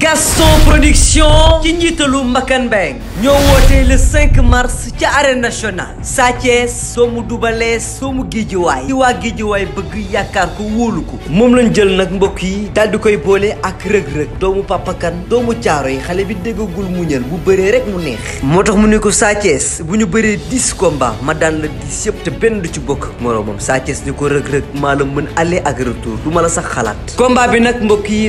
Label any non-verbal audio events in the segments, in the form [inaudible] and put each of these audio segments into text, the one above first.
Gaston production ci njiitalu Mbakan Mbeng ñoo wootee le 5 mars ci arène nationale Sa Thiès doomu Double soo mu Guédiawaye ci waa Guédiawaye bëgg yaakaar ko wóolu ko moom lañ jël nag mbokk yi daal di koy boole ak rëg-rëg doomu papakan doomu caaro yi xale bi déggagul muñal bu bëree rek mu neex moo tax mu ne ko Sa Thiès bu ñu bëree 10 combats ma daan la 10 yëpp te benn du ci bokk moroomam Sa Thiès ni ko rëg-rëg maa la mën aller ak retour du ma la sax xalaat combat bi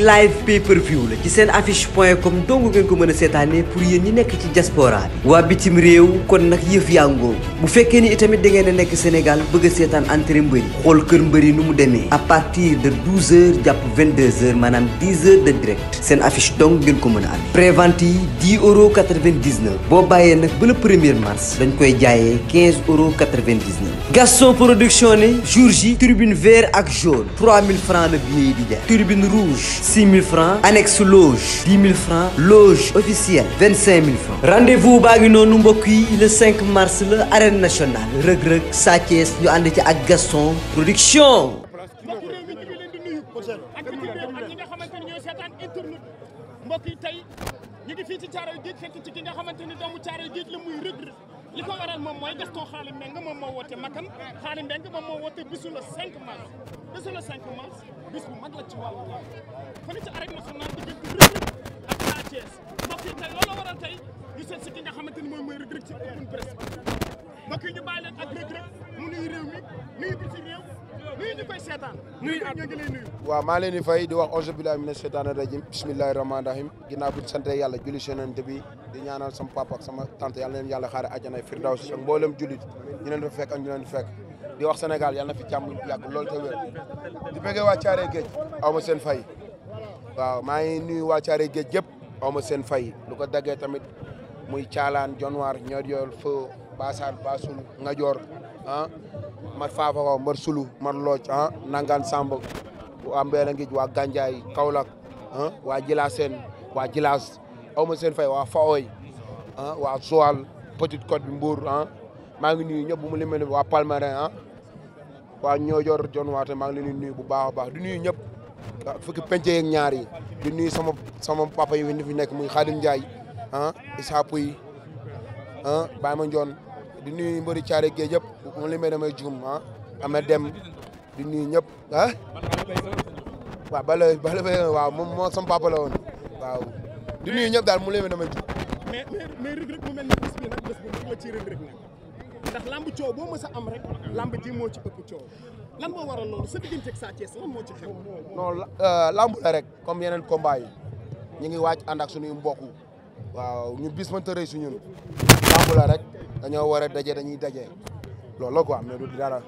la affiche point com dong ngeen ko mën a seetaane pour yéen ñi nekk ci diaspora bi waa bitim réew kon nag yëf yàngoo bu fekkee ni itamit da ngeen a nekk Sénégal bëgg a seetaan entrée mbëri xool kër mbëri nu mu demee à partir de 12 heures jàpp 22 heures maanaam 10 heures de direct seen affiche dong ngeen ko mën a am prévente yi 10 euros 99 boo bàyyee nag ba le premier mars dañ koy jaayee 15 euros 99 Gaston production ne jour ji tribune vert ak jaune 3000 francs la billet yi di jaay tribune rouge 6000 francs annexe loge loge 10 000 francs loge officielle 25 baa ngi noonu mbokk yi le 5 mars la arène nationale rëg-rëg Sa ñu ànd ci ak Gaston production mbokk yi tey ñu ngi fii ci Caaroy Géej fekk ci ki nga doomu Caaroy Géej la muy Reug Reug li ko waral moom mooy Gaston Xaali Mbeng moom moo woote Makan Xaali Mbeng moom moo woote bisu le mars bésu la 5 mars bis bu mag la ci wàllu làmb fële ci arène nationale diggante Reug mi nuyu seetaan nuyu ñoo ngi lay nuyu waaw maa leen di fay di wax auzu billahi mina sheytaani rajim bismillahi rahmaani rahim ginnaaw bu sante yàlla sama papa sama tante yàlla leen yàlla xaare àjjana firdaws ak mboolem jullit ñu fekk ak ñu leen fekk di wax Sénégal yàlla na fi jàmm yàgg loolu te wér di bëggee waa Thiaré Géej aw seen fay waaw maa ngi nuyu waa Thiaré Géej yëpp awma seen fay lu ko daggee tamit muy caalaan jonwaar ñor yool feu basaan basul ngajoor ah mar faafako mar sulu mar looj ah nangaan samb waa mbeela ngij waa gànjaay kaolack ah, waa jilaaseen waa jilaas aw seen fay waa faoy ah waa Joal Petite Côte bi ah, maa ngi nuyu ñëpp mu limee waa Palmarin ah, waa ñoo jor jon waate maa ngi leen di bu baax a baax di nuyu ñëpp fukki penc ñaar yi di nuyu sama sama papa yi fi nekk muy Khadim jaay ah Issa Pouy ah Baye Ma Ndione di nuyu mbëri caare géej yëpp moom li may damay juum ah ama dem di ñëpp ah waaw bala bala bay waaw moom sama papa la waaw di nuyu ñëpp daal mu li may damay ndax lamb coow boo mës am rek lamb ji moo ci ëpp coow lan moo waral loolu sa diggante ak Sa Thiès lan moo ci xew. non euh, lamb rek comme yeneen combat yi ñu ngi waaj ànd ak suñuy waaw ñu bis mënta rëy su ñun lamb la rek dañoo war a daje dañuy daje loolu la am mais du dara.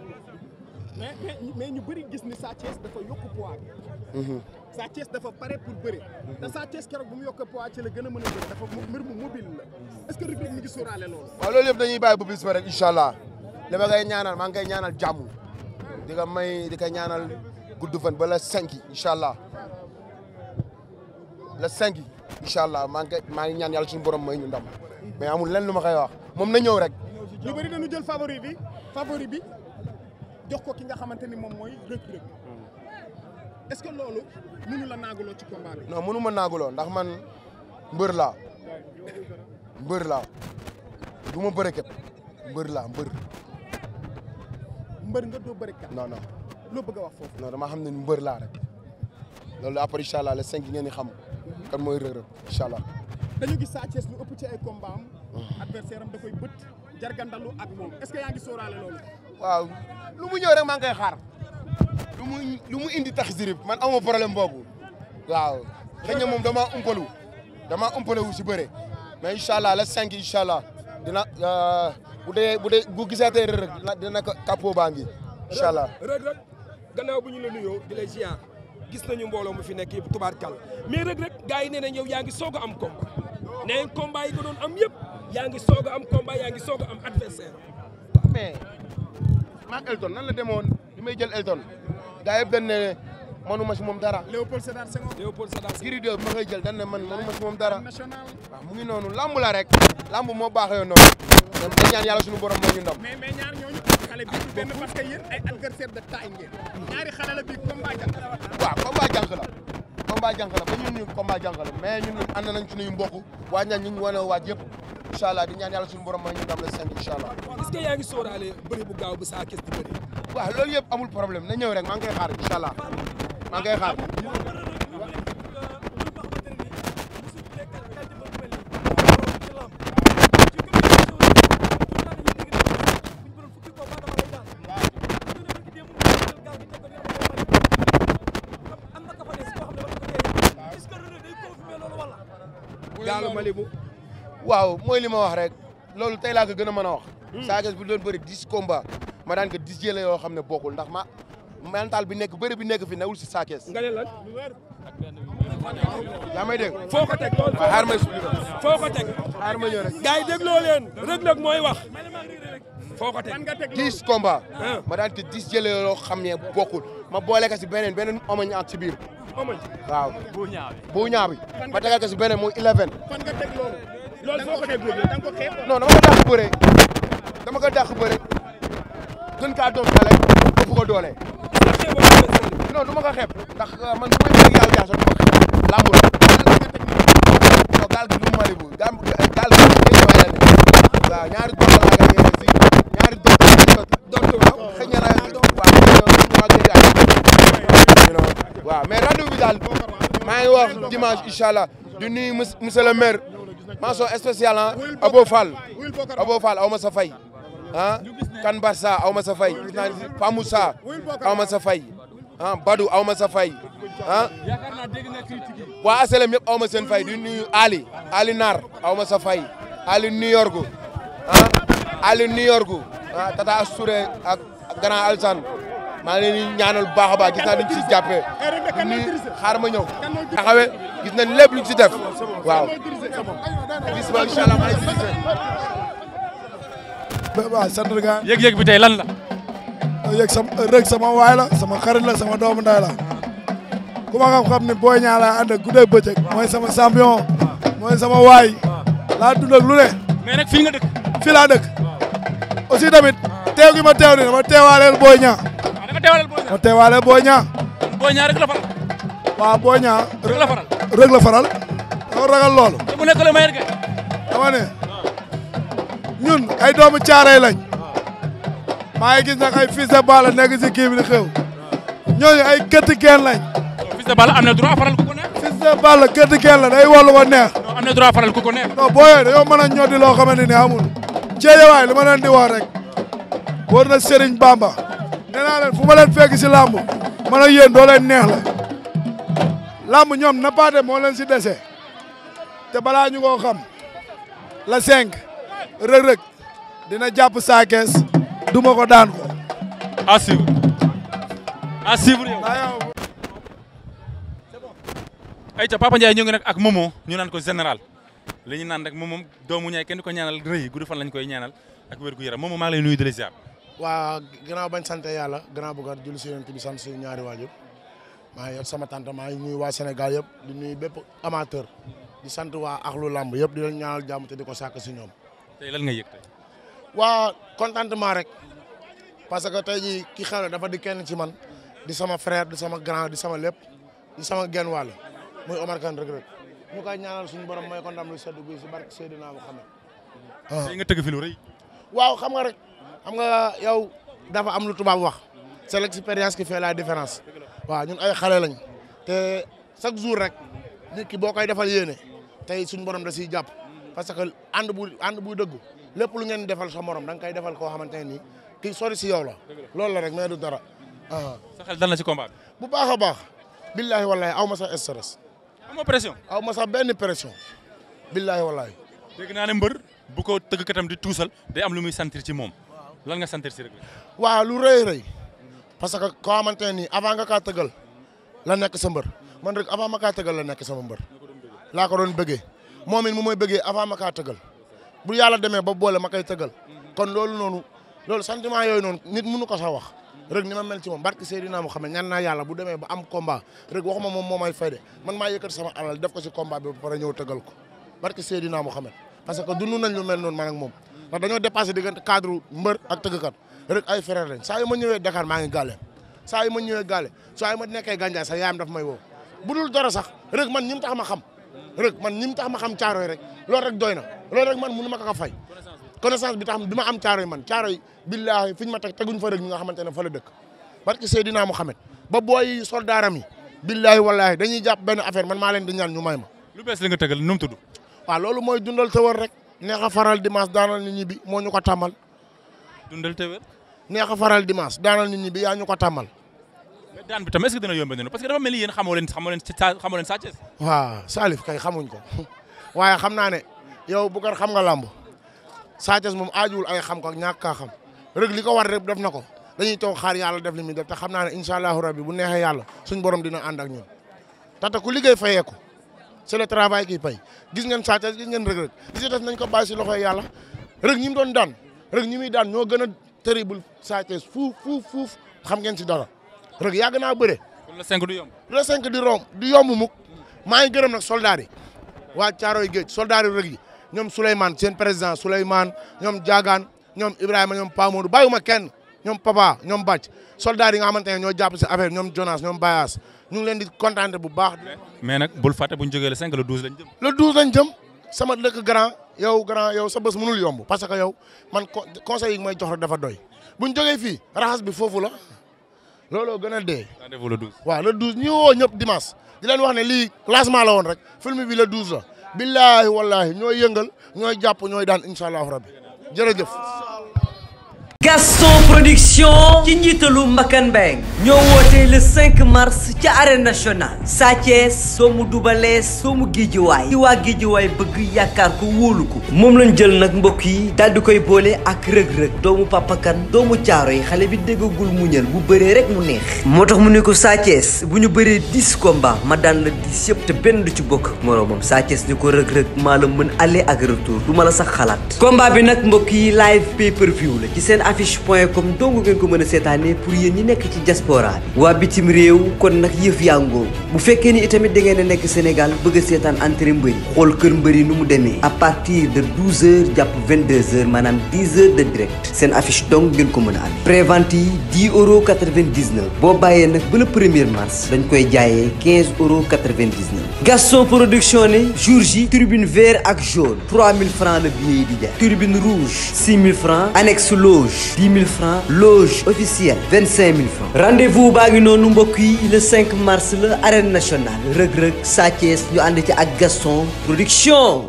mais ñu bëri gis ni Sa Thiès dafa yokk poids Sa Thiès dafa pare pour bëre te Sa Thiès keroog bu mu yokk poids ci la gën a mën a bëre dafa mbir mu mobile la est-ce que Reug Reug mi ngi sóoraale loolu waaw loolu yëpp dañuy bu bis ba rek incha allah li ma koy ñaanal maa ngi koy ñaanal jàmm di ko may di ko ñaanal gudd fan ba la cinq yi incha allah la cinq yi incha allah maa ngi maa ngi ñaan suñu borom may ñun ndam mais amul len lu ma koy wax moom na ñëw rek ñu bëri nañu jël favori bi favori bi jox ko ki nga xamante ni moom mooy Reug est ce que loolu mënu la naaguloo ci combat bi. non mënu ma naaguloo ndax man mbër laa mbër la du ma bëre mbër laa mbër. mbër nga doo bëri noo non loo bëgg wax foofu. non dama xam ne mbër laa rek loolu après incha allah les cinq ngeen i xam. kan mooy Reug Reug incha dañu gis Sa Thiès lu ëpp ci ay combat am. Hmm. adversaire am da bët jargandalu ak moom est que yaa ngi sóoraale loolu. waaw lu mu ñëw rek maa ngi koy lu mu lu mu indi tax sirib man aw ma problème boobu waaw xëy moom dama umpalu damaa umpalu wu si bëre mais incha allah la cinq incha allah dina euh, bu dee bu dee bu gisaatee rek dina ko capot baa ngi incha allah. rek rek bu ñu la nuyoo di lay ziar gis nañu mbooloo mu fi nekk yëpp kal mais rek rek gars yi nee nañ yow yaa ngi soog am combat nee combat yi doon am yëpp yaa ngi soog am combat yaa ngi soog am adversaire. mais Mac Elton nan la demoon. ma jël Elton gaa yëpp dañ ne manuma si moom dara. Léopold Sédar Senghor. Léopold Sédar Senghor. Gris 2 ma koy jël dañ ne man manuma si moom dara. waaw mu ngi noonu lamb la rek. lamb moo baax noonu. dem dañ ñaan yàlla suñu borom moo ñu ndam. mais mais ñaar ñooñu xale bi benn parce que yéen ay adversaire la bi combat jànk la. waaw combat jànk la. combat jànk la ba ñun waa ñaan ñu ngi wane waaj yëpp. di ñaan yàlla borom moo ñu ndam la seen incha allah. est-ce que yaa ngi sóoraale bëri bu gaaw waaw loolu yëpp amul problème na ñëw rek maa ngi koy xaar incha allah maa ngi koy xaar. Daalu Malibu waaw mooy li ma wax rek loolu tey laa ko gën a mën a wax. Hmm. Sa Thiès bu doon bëri dix combats. ma daan ko dis jële yoo xam ne bokkul ndax ma mental bi nekk bëri bi nekk fi newul si saa kees. nga ne lan. yaa ma expliqué. foo ko ma ñëw rek. gars yi dégloo leen. rëgg-rëgg mooy wax. foo ko teg dix combat. Ah. ma daan ko dix jële yoo xam ne bokkul ma boole ko si beneen beneen omoñ ak si biir. omoñ waaw. bu ñaabi bu ñaabi. ma tegal ko si beneen muy eleven. fan nga teg loolu. loolu foo ko teg loolu da bëre. gën kaa doon doole ëpp ko doole. non du ma ko xeeb ndax euh, man bu may bëgg yàlla jaasoo du ma ko xeeb làmb la non gaal gi du mu mari bu gaal gaal gi day ñëw la ne waaw ñaari doom laa nga yéene si ñaari doom laa nga doon xëy na la waaw ñoo waaw mais rendez-vous bi daal maa ngi wax dimanche incha allah di nuyu monsieur le maire mention spéciale ah Abo Fall Abo Fall aw ma sa fay. Ah, kan Barça aw ma sa fay gis naa ni Famoussa aw sa fay ah Badou sa fay ah, waa ASLM yëpp aw ma seen fay di nuyu Ali Ali Nar aw sa fay Ali New York ah, ah Tata Assouré ak Grand Alsan maa ngi leen di ñaanal bu baax a baax gis naa dañ ci jàppee ni xaar ma ñëw taxawee gis nañ lépp luñ ci def waaw bis ba incha allah maa ngi waaw sant nga. yëg-yëg bi tey lan la. yëg sama rëg sama waay la sama xarit la sama doomu nday la ku ma xam-xam ni booy ñaa laa ànd ak mooy sama champion. mooy sama waay. laa dund lu ne. mais nag fii nga dëkk. fii laa dëkk. aussi tamit teew ma teew ni dama teewaaleel booy ñaa. Ah, ma teewaaleel booy ñaa. booy rëg la faral rëg ragal loolu. te ne. ñun ay doomu caaray lañ maa ngi gis nag ay fils de Balla nekk si kii bi ay këtt geen lañ. fils de Balla am na la nay wolu wa neex. non na droit faral ku ko neex. non boo yooyu dañoo mën a ñoddi loo xamante ceejawaay li ma leen di wax rek war na Serigne Bamba nee naa leen fu si làmb man ak yéen doo neex la làmb ñoom nappaate moo leen si dese te balaa ñu koo la cinq Reug dina jàpp Sa Thiès duma ko daan ko à suivre à suivre yow ayca Papa Ndiaye ñu ngi ak Momo ñu naan ko général li ñu naan rek moom moom doomu ñaay kenn du ko ñaanal rëy gudd fan lañ koy ñaanal ak wér gu yaram moom maa lu lay nuyu di la ziar. waa gannaaw bañ sant yàlla gannaaw bëgg a julli si yonent bi sant suñu ñaari waajur maa ngi sama tante maa ngi waa senegal yëpp di nuyu bépp amateur di sant waa ak lu lamb yëpp di leen ñaanal jàmm te di ko sàkk si tey lan nga yëg tey. waa contentement rek parce que tey jii kii xam dafa di kenn ci man di sama frère di sama grand di sama lépp di sama genn wàll muy Omar Kane Reug Reug ñu koy ñaanal suñu borom mooy ko ndam lu sedd guy si barke Seydina Muhammad. Ah. tey nga tëgg fi waaw xam nga rek xam nga yow dafa am lu tubaab wax c'est l'expérience qui la différence waaw ñun ay xale lañ te chaque jour rek nit ki boo koy defal yéene tey suñu borom da siy jàpp. parce que ànd bu ànd buy dëggu lépp lu ngeen defal sa morom da nga koy defal koo xamante ne nii kii sori si yow la. loolu la rek mais du dara. Ah. sa xel dal na si combat bu baax a baax. billahi wallahi aw ma sa stress. aw ma sa benn pression. billahi wallahi. dégg naa ne mbër bu ko tëggkatam di tuusal day am lu muy sentir ci moom lan nga sentir si rek. waa lu rëy rëy parce que koo xamante avant nga kaa tëggal la nekk sa mbër man rek avant ma kaa tëggal la nekk sama moom it mu may bëggee avant ma kaa tëggal bu yàlla demee ba boole ma koy tëggal kon loolu noonu loolu sentiment yooyu noonu nit mënu ko sax wax rek ni ma mel ci moom barki Seydina mu xam ne ñaan naa yàlla bu demee ba am combat rek waxuma moom moo may fay man maa yëkkati sama alal def ko si combat bi ba pare ñëw tëggal ko barki Seydina mu xam parce que dund nañ lu mel noonu man ak moom ndax dañoo dépassé diggante cadre mbër ak tëggkat rek ay frère lañ saa yu ma ñëwee Dakar maa ngi gàlle saa yu ma nekkee gànjaay sax yaayam daf may woo bu dul dara sax man ñi mu tax ma xam rek man ñi mu tax ma xam caaro caaroy rek loolu rek doy na loolu rek man mënu ma ko fay connaissance bi tax ma am caaroy man caaroy billaahi fi ñu ma teg teguñ fa rek ñi nga xamante ne fa la dëkk barke Seydina Muhammad ba booy soldaaram yi billaahi wallaahi dañuy jàpp benn affaire man maa leen di ñaan ñu may ma lu bees li nga tëgal nu mu tudd waaw loolu mooy dundal te wër rek neex a faral dimanche daanal na ñi bi moo ñu ko tàmmal dundal te wër neex a faral dimanche daanal nit ñi bi yaa ñu ko tàmmal mais daan bi tam est-ce que dina yombe parce que dafa mel ni yéen xamoo leen xamoo leen kay xamuñ ko [laughs] waaye xam naa ne yow bu ko xam nga làmb Sathies moom aajuwul ay xam ko ak ñàkk kaa xam rek li ko war rek def na ko dañuy toog xaar yàlla def li muy def te xam naa ne incha allahu bu neexee yàlla suñ borom dina ànd ak ñun tata ku liggéey fayee ko c'est le travail qui paye gis ngeen Sathies gis ngeen Reug Reug li ci des ko bàyyi si loxoy yàlla rek ñi mu doon daan rek ñi muy daan ñoo gën a terrible Sathies fuuf fuuf fuuf xam ngeen si dara rek yàgg naa bëre. le 5 du yomb. le 5 di romb di yomb muk maa ngi gërëm nag soldats yi waa Caaroy Géej soldats yi rek yi ñoom Souleymane seen président Souleymane ñoom Diagane ñoom Ibrahima ñoom Pamoudou bàyyiwuma kenn ñoom Papa ñoom Bàcc soldats yi nga xamante ne ñoo jàpp si affaire ñoom Jonas ñoom Bayas ñu leen di contenté bu baax. mais nag bul fàtte bu ñu jógee le 5 le 12 lañ jëm. le 12 lañ jëm sama dëkk grand yow grand yow sa bés mënul yomb parce que yow man conseil yi may jox dafa doy bu ñu fii foofu la. looloo gën a dee. rendez-vous le 12. waaw le woo ñëpp dimanche di leen wax ne lii classement la woon rek film bi le 12 la. billaahi wallaahi ñooy yëngal ñooy jàpp ñooy daan incha allahu rabbi jërëjëf. Gaston production ci njiitalu Mbakan Mbeng ñoo wootee le 5 mars ci arène nationale Sa soo mu dubalee soo mu géejiwaay ci waa géejiwaay bëgg yaakaar ko wóolu ko moom lañ jël nag mbokk yi daal di koy boole ak rëg-rëg doomu papakan doomu caaro yi xale bi déggagul muñal bu bëree rek mu neex moo tax mu ne ko Sa bu ñu bëree 10 combat ma daan la 10 yëpp te benn du ci bokk moroomam Sa Thiès ni ko rëg-rëg maa la mën aller ak retour du ma la sax xalaat combat bi yi la affiche point com dong ngeen ko mën a seetaanee pour yéen ñi nekk ci diaspora bi waa bitim réew kon nag yëf yàngoo bu fekkee ni itamit da ngeen a nekk Sénégal bëgg a seetaan entrée mbëri xool kër mbëri nu mu demee à partir de 12 heures jàpp 22 heures maanaam 10 heures de direct seen affiche dong ngeen ko mën a am prévente yi 10 euros boo bàyyee nag ba le premier mars dañ koy jaayee 15 euros 99 Gaston production ne jour ji tribune vert ak jaune 3000 francs la billet yi di jaay tribune rouge 6000 francs loge 10 000 francs loge officielle 25 000 francs rendez-vous baa ngi noonu mbokk yi le 5 mars la arène nationale Reug Reug Sa Thiès ñu ànd ci ak Gaston Production